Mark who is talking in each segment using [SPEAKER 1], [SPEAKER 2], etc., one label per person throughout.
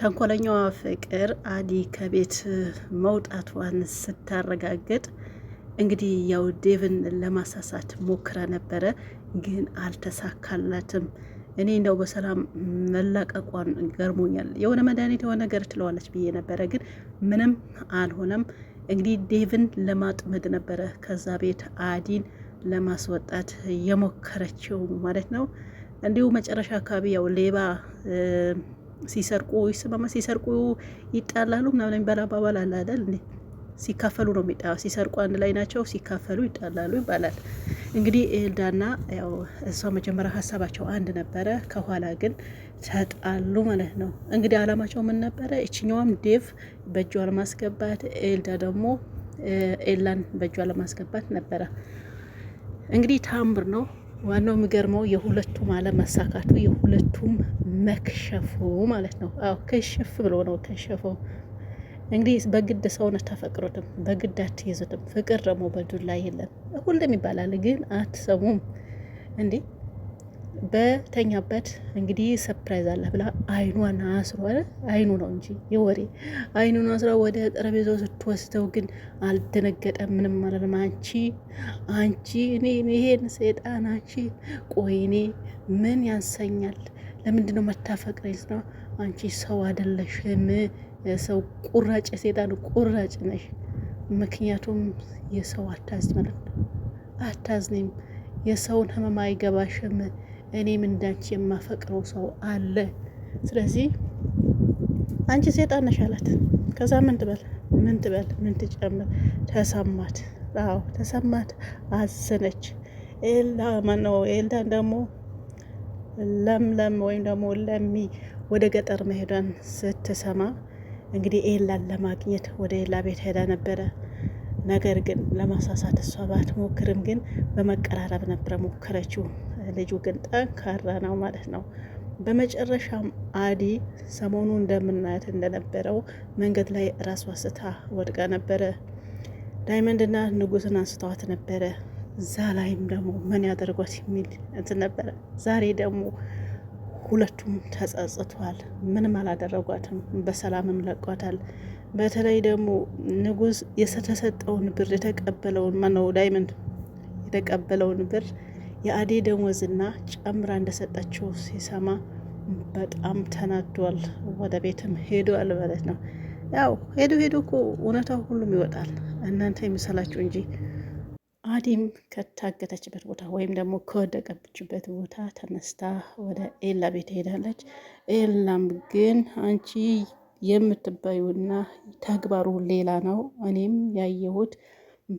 [SPEAKER 1] ተንኮለኛዋ ፍቅር አዲ ከቤት መውጣቷን ስታረጋግጥ እንግዲህ ያው ዴቭን ለማሳሳት ሞክራ ነበረ፣ ግን አልተሳካላትም። እኔ እንደው በሰላም መላቀቋን ገርሞኛል። የሆነ መድኃኒት የሆነ ነገር ትለዋለች ብዬ ነበረ፣ ግን ምንም አልሆነም። እንግዲህ ዴቭን ለማጥመድ ነበረ ከዛ ቤት አዲን ለማስወጣት የሞከረችው ማለት ነው። እንዲሁ መጨረሻ አካባቢ ያው ሌባ ሲሰርቁ ይስማማ፣ ሲሰርቁ ይጣላሉ ምናምን የሚባል አባባል አለ አይደል? እንዴ ሲካፈሉ ነው የሚጣ ሲሰርቁ አንድ ላይ ናቸው፣ ሲካፈሉ ይጣላሉ ይባላል። እንግዲህ ኤልዳና ያው እሷ መጀመሪያ ሀሳባቸው አንድ ነበረ፣ ከኋላ ግን ተጣሉ ማለት ነው። እንግዲህ አላማቸው ምን ነበረ? እችኛዋም ዴቭ በእጇ ለማስገባት፣ ኤልዳ ደግሞ ኤላን በእጇ ለማስገባት ነበረ። እንግዲህ ታምር ነው ዋናው የሚገርመው የሁለቱም አለመሳካቱ የሁለቱም መክሸፉ ማለት ነው። አዎ ከሸፍ ብሎ ነው ከሸፈው። እንግዲህ በግድ ሰውነት ተፈቅሮትም በግድ አትይዙትም። ፍቅር ደግሞ በዱላ የለም። ሁሉም ይባላል ግን አትሰሙም እንዴ በተኛበት እንግዲህ ሰፕራይዝ አለ ብላ አይኗን አስሮ አይኑ ነው እንጂ የወሬ አይኑን አስራ ወደ ጠረጴዛው ስትወስደው ግን አልደነገጠም። ምንም አላለም። አንቺ አንቺ እኔ ይሄን ሰይጣን አንቺ ቆይኔ ምን ያንሰኛል ለምንድን ነው መታፈቅሬ ነው? አንቺ ሰው አይደለሽም። ሰው ቁራጭ፣ የሴጣን ቁራጭ ነሽ። ምክንያቱም የሰው አታዝኝ ማለት ነው። የሰውን ህመም አይገባሽም። እኔም እንዳንቺ የማፈቅረው ሰው አለ። ስለዚህ አንቺ ሴጣን ነሽ አላት። ከዛ ምን ትበል ምን ትበል ምን ትጨምር? ተሰማት። አዎ ተሰማት፣ አዘነች። ኤልዳ ማነው ኤልዳን ደግሞ ለምለም ወይም ደግሞ ለሚ ወደ ገጠር መሄዷን ስትሰማ እንግዲህ ኤላን ለማግኘት ወደ ኤላ ቤት ሄዳ ነበረ። ነገር ግን ለማሳሳት እሷ ባትሞክርም ግን በመቀራረብ ነበረ ሞከረችው። ልጁ ግን ጠንካራ ነው ማለት ነው። በመጨረሻም አዲ ሰሞኑ እንደምናያት እንደነበረው መንገድ ላይ ራሷ ስታ ወድቃ ነበረ። ዳይመንድና ንጉስን አንስተዋት ነበረ። እዛ ላይም ደግሞ ምን ያደርጓት የሚል እንትን ነበረ። ዛሬ ደግሞ ሁለቱም ተጸጽቷል። ምንም አላደረጓትም፣ በሰላምም ለቋታል። በተለይ ደግሞ ንጉስ የተሰጠውን ብር የተቀበለውን ማነው ዳይመንድ የተቀበለውን ብር የአዴ ደሞዝና ጨምራ እንደሰጠችው ሲሰማ በጣም ተናዷል። ወደ ቤትም ሄዷል ማለት ነው። ያው ሄዱ ሄዱ እኮ እውነታው ሁሉም ይወጣል። እናንተ የሚሰላችሁ እንጂ አዴም ከታገተችበት ቦታ ወይም ደግሞ ከወደቀችበት ቦታ ተነስታ ወደ ኤላ ቤት ሄዳለች። ኤላም ግን አንቺ የምትባዩና ተግባሩ ሌላ ነው፣ እኔም ያየሁት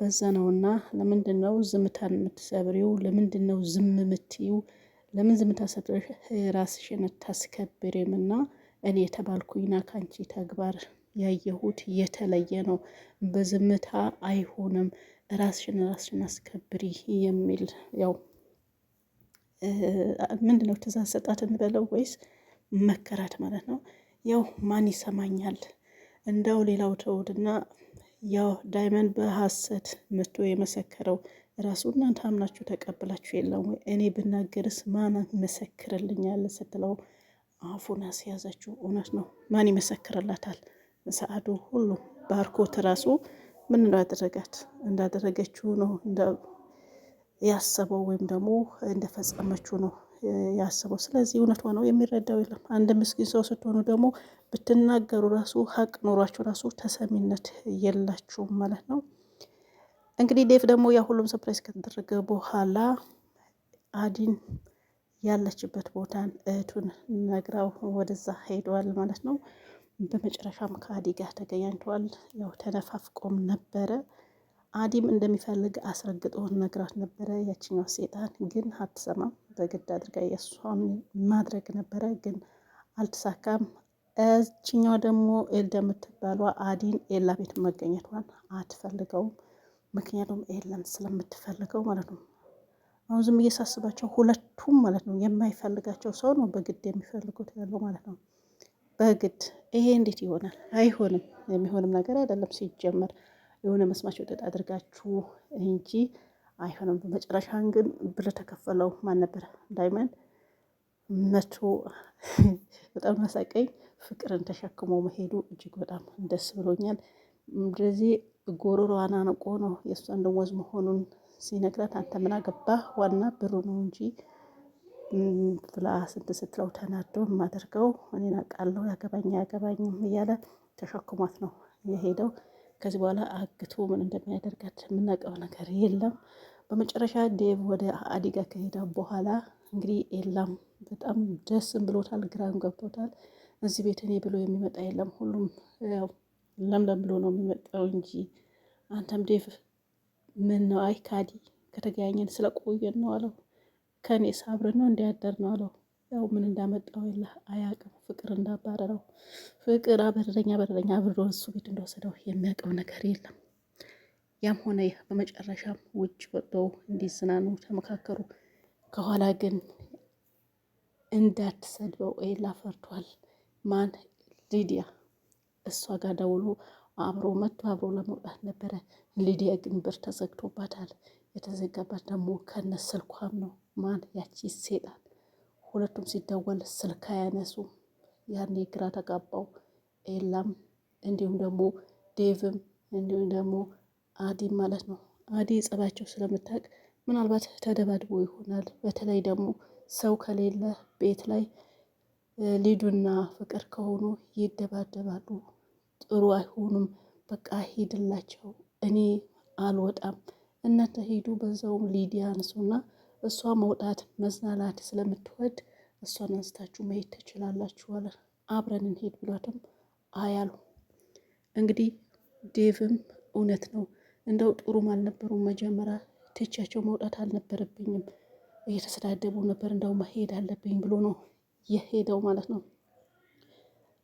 [SPEAKER 1] በዛ ነውና ለምንድን ነው ዝምታን የምትሰብሪው? ለምንድን ነው ዝም የምትዩ? ለምን ዝምታ ሰብሪ ራስሽን ታስከብሪም? እና እኔ የተባልኩኝና ከአንቺ ተግባር ያየሁት የተለየ ነው። በዝምታ አይሆንም። ራስሽን ራስሽን አስከብሪ የሚል ያው ምንድን ነው ትእዛዝ ሰጣት እንበለው ወይስ መከራት ማለት ነው። ያው ማን ይሰማኛል እንደው ሌላው ተውድና ያው ዳይመንድ በሐሰት መቶ የመሰከረው ራሱ እናንተ አምናችሁ ተቀብላችሁ የለም ወይ እኔ ብናገርስ ማን ይመሰክርልኛል ስትለው አፉን አስያዘችው። እውነት ነው ማን ይመሰክርላታል? ሰአዱ ሁሉ ባርኮት ራሱ ምን ነው ያደረጋት እንዳደረገችው ነው ያሰበው ወይም ደግሞ እንደፈጸመችው ነው ያሰበው። ስለዚህ እውነቷ ነው የሚረዳው የለም። አንድ ምስኪን ሰው ስትሆኑ ደግሞ ብትናገሩ ራሱ ሀቅ ኖሯችሁ ራሱ ተሰሚነት የላችሁም ማለት ነው። እንግዲህ ዴቭ ደግሞ ያ ሁሉም ሰፕራይዝ ከተደረገ በኋላ አዲን ያለችበት ቦታን እህቱን ነግራው ወደዛ ሄደዋል ማለት ነው። በመጨረሻም ከአዲ ጋር ተገናኝተዋል። ያው ተነፋፍቆም ነበረ። አዲም እንደሚፈልግ አስረግጦ ነግራት ነበረ። ያችኛው ሴጣን ግን አትሰማም። በግድ አድርጋ የእሷን ማድረግ ነበረ፣ ግን አልተሳካም። እችኛው ደግሞ ኤል የምትባሏ አዲን ኤላ ቤት መገኘቷን አትፈልገውም። ምክንያቱም ኤላን ስለምትፈልገው ማለት ነው። አሁን ዝም እየሳስባቸው ሁለቱም ማለት ነው የማይፈልጋቸው ሰው ነው በግድ የሚፈልጉት ያለው ማለት ነው። በግድ ይሄ እንዴት ይሆናል? አይሆንም። የሚሆንም ነገር አይደለም። ሲጀመር የሆነ መስማቸው ወጠጥ አድርጋችሁ እንጂ አይሆንም። በመጨረሻን ግን ብር ተከፈለው። ማን ነበር ዳይመንድ መቶ በጣም አሳቀኝ። ፍቅርን ተሸክሞ መሄዱ እጅግ በጣም ደስ ብሎኛል። እንደዚህ ጎሮሮዋን አንቆ ነው የእሷን ደሞዝ መሆኑን ሲነግራት አንተ ምን አገባህ? ዋና ብሩ ነው እንጂ ብላ ስንት ስትለው ተናዶ የማደርገው እኔን አውቃለሁ ያገባኝ አያገባኝም እያለ ተሸክሟት ነው የሄደው። ከዚህ በኋላ አግቶ ምን እንደሚያደርጋት የምናውቀው ነገር የለም። በመጨረሻ ዴቭ ወደ አዲጋ ከሄደ በኋላ እንግዲህ የላም በጣም ደስም ብሎታል፣ ግራም ገብቶታል። እዚህ ቤት እኔ ብሎ የሚመጣ የለም፣ ሁሉም ለምለም ብሎ ነው የሚመጣው እንጂ አንተም ዴቭ ምን ነው አይ ካዲ ከተገያኘን ስለቆየን ነው አለው። ከኔስ ሳብር ነው እንዲያደር ነው አለው። ያው ምን እንዳመጣው የለ አያውቅም። ፍቅር እንዳባረረው ፍቅር አበረኛ አበረረኝ አብሮ እሱ ቤት እንደወሰደው የሚያውቀው ነገር የለም። ያም ሆነ ይህ በመጨረሻም ውጭ ወጥተው እንዲዝናኑ ተመካከሩ። ከኋላ ግን እንዳትሰድበው ኤላ ፈርቷል። ማን ሊዲያ፣ እሷ ጋር ደውሎ አብሮ መጥቶ አብሮ ለመውጣት ነበረ። ሊዲያ ግን በር ተዘግቶባታል። የተዘጋባት ደግሞ ከነ ነው። ማን ያቺ ሴጣን። ሁለቱም ሲደወል ስልክ ያነሱ ያኔ ግራ ተጋባው ኤላም፣ እንዲሁም ደግሞ ዴቭም፣ እንዲሁም ደግሞ አዲ ማለት ነው። አዲ ጸባቸው ስለምታውቅ ምናልባት ተደባድቦ ይሆናል። በተለይ ደግሞ ሰው ከሌለ ቤት ላይ ሊዱና ፍቅር ከሆኑ ይደባደባሉ። ጥሩ አይሆኑም። በቃ ሂድላቸው፣ እኔ አልወጣም፣ እናንተ ሂዱ። በዛውም ሊዲያ አንሱና እሷ መውጣት መዝናናት ስለምትወድ እሷን አንስታችሁ መሄድ ትችላላችሁ አለ። አብረን እንሄድ ብሏትም አያሉ እንግዲህ ዴቭም እውነት ነው እንደው ጥሩም አልነበሩም። መጀመሪያ ትቻቸው መውጣት አልነበረብኝም፣ እየተሰዳደቡ ነበር፣ እንደው መሄድ አለብኝ ብሎ ነው የሄደው ማለት ነው።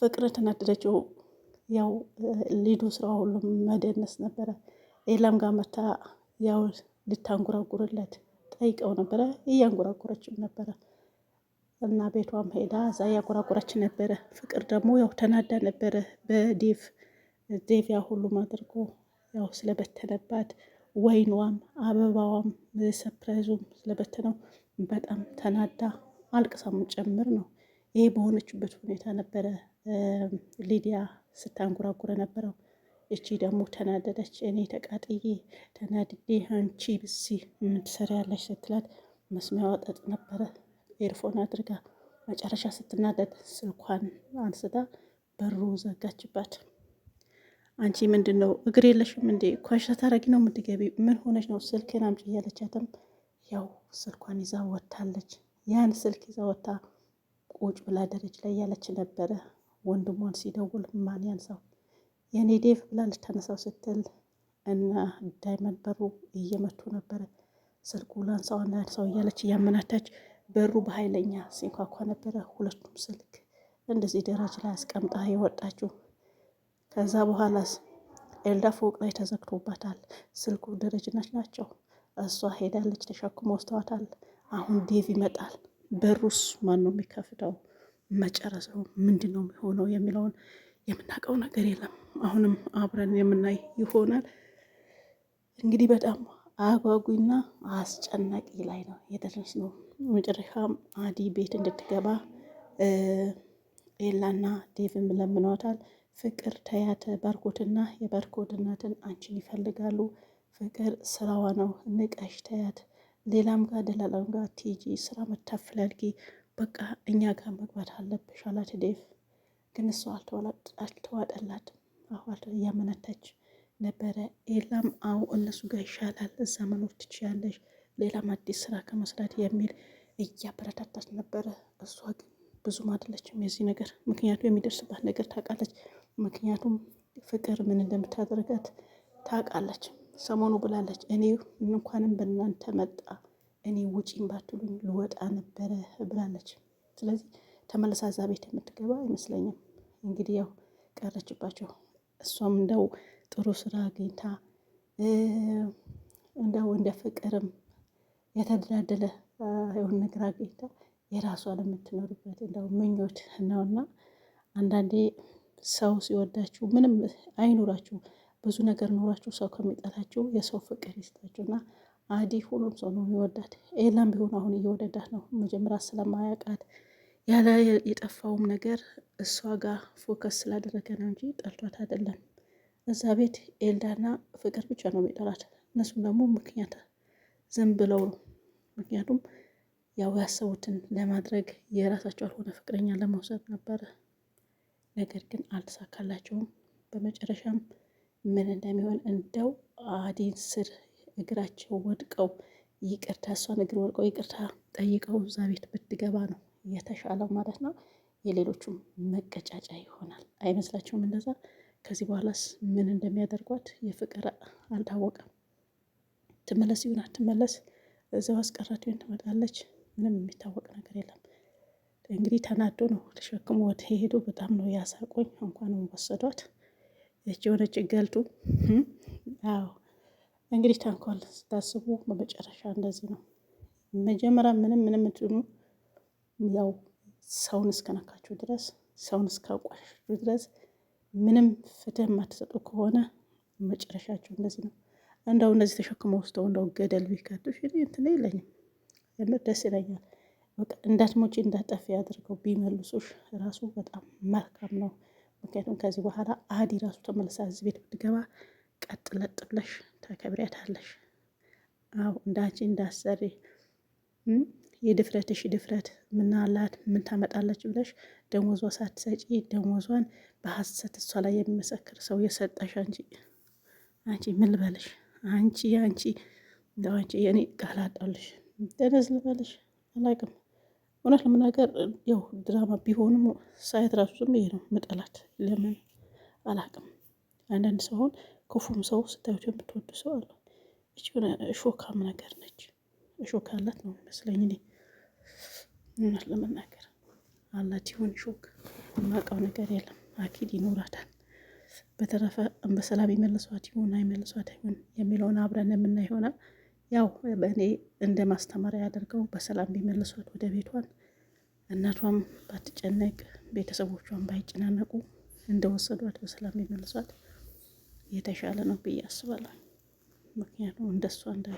[SPEAKER 1] ፍቅር ተናደደችው። ያው ሊዱ ስራ ሁሉም መደነስ ነበረ። ሌላም ጋር መታ ያው ልታንጎራጉርለት ጠይቀው ነበረ፣ እያንጎራጎረችም ነበረ እና ቤቷም ሄዳ እዛ እያንጎራጎረች ነበረ። ፍቅር ደግሞ ያው ተናዳ ነበረ በዴቭ ዴቭ ያ ሁሉም አድርጎ ያው ስለበተነባት ወይኗም አበባዋም ሰፕራይዙም ስለበተነው በጣም ተናዳ አልቅሳም ጨምር ነው። ይሄ በሆነችበት ሁኔታ ነበረ ሊዲያ ስታንጎራጉረ ነበረው። እቺ ደግሞ ተናደደች። እኔ ተቃጥዬ ተናድዴ አንቺ ብሲ የምትሰራ ያለች ስትላት መስሚያዋ ጠጥ ነበረ ኤርፎን አድርጋ መጨረሻ ስትናደድ ስልኳን አንስታ በሩ ዘጋችባት። አንቺ ምንድን ነው እግር የለሽም እንዴ? ኳሽ ታረጊ ነው የምትገቢ? ምን ሆነች ነው? ስልክን አምጪ እያለቻትም ያው ስልኳን ይዛ ወታለች። ያን ስልክ ይዛ ወታ ቁጭ ብላ ደረጃ ላይ ያለች ነበረ። ወንድሟን ሲደውል ማን ያንሳው? የኔ ዴቭ ብላ ልታነሳው ስትል እና ዳይመንድ በሩ እየመቱ ነበረ። ስልኩ ላንሳው ላንሳው እያለች እያመናታች በሩ በኃይለኛ ሲንኳኳ ነበረ። ሁለቱም ስልክ እንደዚህ ደረጃ ላይ አስቀምጣ የወጣችው። ከዛ በኋላስ ኤልዳ ፎቅ ላይ ተዘግቶባታል። ስልኩ ደረጃናች ናቸው። እሷ ሄዳለች ተሸክሞ ወስተዋታል። አሁን ዴቭ ይመጣል። በሩስ ማን ነው የሚከፍተው? መጨረሰው ምንድን ነው የሚሆነው የሚለውን የምናውቀው ነገር የለም። አሁንም አብረን የምናይ ይሆናል። እንግዲህ በጣም አጓጉና አስጨናቂ ላይ ነው የደረስ ነው። መጨረሻም አዲ ቤት እንድትገባ ኤላና ዴቭም ለምኗታል። ፍቅር ተያተ ባርኮትና የባርኮት እናትን አንቺን ይፈልጋሉ። ፍቅር ስራዋ ነው ንቀሽ ተያት። ሌላም ጋር ደላላም ጋር ቲጂ ስራ መታፍላልጊ በቃ እኛ ጋር መግባት አለብሽ አላት ዴቭ ግን እሱ አልተዋጠላትም። እያመነታች ነበረ። ሌላም አዎ እነሱ ጋር ይሻላል፣ እዛ መኖር ትችያለሽ፣ ሌላም አዲስ ስራ ከመስራት የሚል እያበረታታት ነበረ። እሷ ግን ብዙም አይደለችም የዚህ ነገር ምክንያቱም የሚደርስባት ነገር ታውቃለች። ምክንያቱም ፍቅር ምን እንደምታደርጋት ታውቃለች። ሰሞኑ ብላለች፣ እኔ እንኳንም በእናንተ መጣ እኔ ውጪም ባትሉኝ ልወጣ ነበረ ብላለች። ስለዚህ ተመለሳዛ እዛ ቤት የምትገባ አይመስለኝም። እንግዲህ ያው ቀረችባቸው። እሷም እንደው ጥሩ ስራ አግኝታ እንደው እንደ ፍቅርም የተደላደለ የሆነ ነገር አግኝታ የራሷ ለምትኖርበት እንደው ምኞት ነውና አንዳንዴ ሰው ሲወዳችሁ ምንም አይኖራችሁ ብዙ ነገር ኖራችሁ ሰው ከሚጠላችሁ የሰው ፍቅር ይስጣችሁና አዲ ሁሉም ሰው ነው የሚወዳት። ኤላም ቢሆን አሁን እየወደዳት ነው። መጀመሪያ ስለማያውቃት ያለ የጠፋውም ነገር እሷ ጋር ፎከስ ስላደረገ ነው እንጂ ጠልቷት አይደለም። እዛ ቤት ኤልዳና ፍቅር ብቻ ነው የሚጠላት። እነሱም ደግሞ ምክንያት ዝም ብለው ነው። ምክንያቱም ያው ያሰቡትን ለማድረግ የራሳቸው አልሆነ ፍቅረኛ ለመውሰድ ነበረ። ነገር ግን አልተሳካላቸውም። በመጨረሻም ምን እንደሚሆን እንደው አዲን ስር እግራቸው ወድቀው ይቅርታ እሷን እግር ወድቀው ይቅርታ ጠይቀው እዛ ቤት ብትገባ ነው የተሻለው ማለት ነው። የሌሎቹም መቀጫጫ ይሆናል። አይመስላችሁም? እንደዛ ከዚህ በኋላስ ምን እንደሚያደርጓት የፍቅር አልታወቀም። ትመለስ ይሁን አትመለስ፣ እዛው አስቀራት ይሁን ትመጣለች፣ ምንም የሚታወቅ ነገር የለም። እንግዲህ ተናዶ ነው ተሸክሞ ወደ ሄዱ። በጣም ነው ያሳቆኝ። እንኳን ወሰዷት ይች የሆነች ገልቱ። አዎ እንግዲህ ተንኮል ስታስቡ በመጨረሻ እንደዚህ ነው። መጀመሪያ ምንም ምንም ትኑ ያው ሰውን እስከነካችሁ ድረስ ሰውን እስካቋሻችሁ ድረስ ምንም ፍትህ የማትሰጡ ከሆነ መጨረሻቸው እንደዚህ ነው። እንደው እንደዚህ ተሸክመው ውስጠው እንደው ገደል ቢከቱሽ እንትን የለኝም፣ የምር ደስ ይለኛል። በቃ እንዳትሞጪ እንዳትጠፊ አድርገው ቢመልሱሽ ራሱ በጣም መልካም ነው። ምክንያቱም ከዚህ በኋላ አዲ ራሱ ተመልሳ እዚህ ቤት ብትገባ ቀጥ ለጥ ብለሽ ተከብሪያታለሽ። አዎ እንዳንቺ እንዳሰሪ የድፍረትሽ ድፍረት ምናላት ምን ታመጣለች ብለሽ ደሞዟ ሳትሰጪ ደሞዟን በሀሰት እሷ ላይ የሚመሰክር ሰው የሰጠሽ አንቺ አንቺ ምን ልበልሽ? አንቺ አንቺ እንደው አንቺ የእኔ ቃል አጣልሽ ደነዝ ልበልሽ አላውቅም። እውነት ለመናገር ያው ድራማ ቢሆንም ሳየት ራሱ ዝም ይሄ ነው ምጠላት። ለምን አላቅም። አንዳንድ ሰውን ክፉም ሰው ስታዩት የምትወዱ ሰው አለ። እች ሾካም ነገር ነች። ሾክ አላት ነው መስለኝ እኔ እውነት ለመናገር አላት ይሆን ሾክ የማውቀው ነገር የለም። አኪድ ይኖራታል። በተረፈ በሰላም የመልሷት ይሆን አይመልሷት አይሆን የሚለውን አብረን የምና ይሆናል። ያው በእኔ እንደ ማስተማሪያ ያደርገው በሰላም ቢመልሷት ወደ ቤቷን እናቷም ባትጨነቅ ቤተሰቦቿን ባይጨናነቁ እንደወሰዷት በሰላም ቢመልሷት የተሻለ ነው ብዬ አስባለሁ። ምክንያቱም እንደሷ እንዳይ